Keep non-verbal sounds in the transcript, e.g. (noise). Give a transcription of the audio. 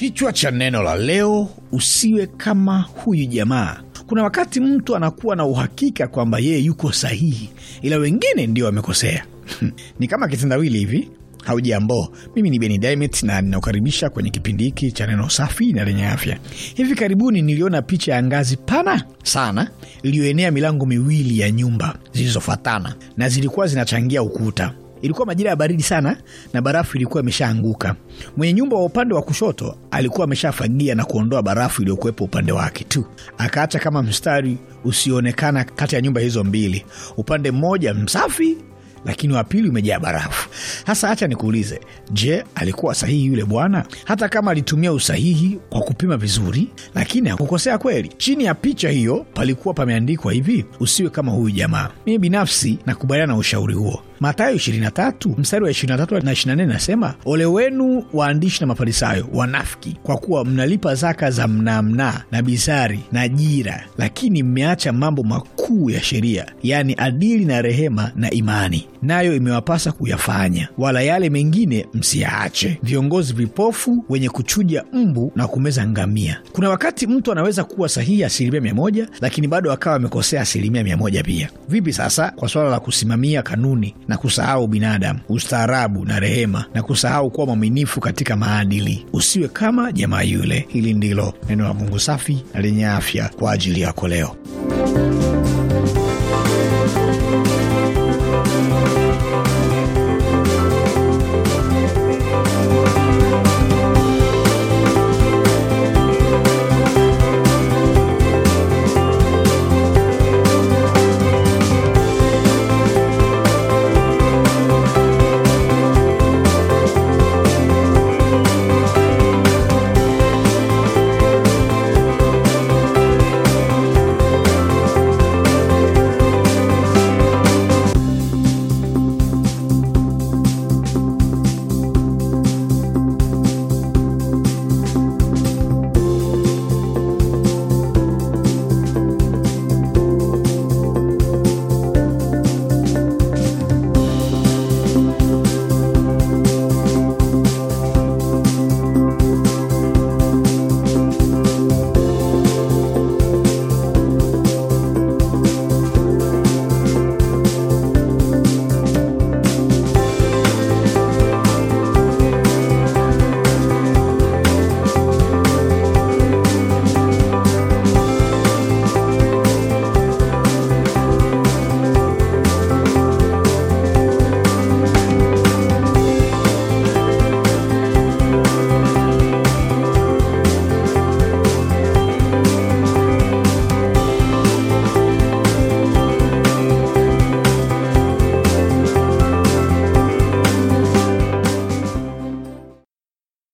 Kichwa cha neno la leo, usiwe kama huyu jamaa. Kuna wakati mtu anakuwa na uhakika kwamba yeye yuko sahihi, ila wengine ndio wamekosea. (laughs) Ni kama kitendawili hivi. Haujambo, mimi ni Beni Dimet na ninakukaribisha kwenye kipindi hiki cha neno safi na lenye afya. Hivi karibuni niliona picha ya ngazi pana sana iliyoenea milango miwili ya nyumba zilizofatana na zilikuwa zinachangia ukuta Ilikuwa majira ya baridi sana na barafu ilikuwa imeshaanguka. Mwenye nyumba wa upande wa kushoto alikuwa ameshafagia na kuondoa barafu iliyokuwepo upande wake tu, akaacha kama mstari usioonekana kati ya nyumba hizo mbili, upande mmoja msafi lakini wa pili umejaa barafu. hasa acha nikuulize, je, alikuwa sahihi yule bwana? Hata kama alitumia usahihi kwa kupima vizuri, lakini hakukosea kweli? Chini ya picha hiyo palikuwa pameandikwa hivi, usiwe kama huyu jamaa. Mimi binafsi nakubaliana na ushauri huo matayo 23 mstari wa 23 na 24 nasema, ole wenu waandishi na mafarisayo wanafiki, kwa kuwa mnalipa zaka za mnamna na bizari na jira, lakini mmeacha mambo makuu ya sheria, yaani adili na rehema na imani, nayo imewapasa kuyafanya. Wala yale mengine msiyaache, viongozi vipofu, wenye kuchuja mbu na kumeza ngamia. Kuna wakati mtu anaweza kuwa sahihi asilimia mia moja, lakini bado akawa amekosea asilimia mia moja pia. Vipi sasa kwa swala la kusimamia kanuni na kusahau binadamu, ustaarabu na rehema, na kusahau kuwa mwaminifu katika maadili. Usiwe kama jamaa yule. Hili ndilo neno la Mungu safi na lenye afya kwa ajili yako leo.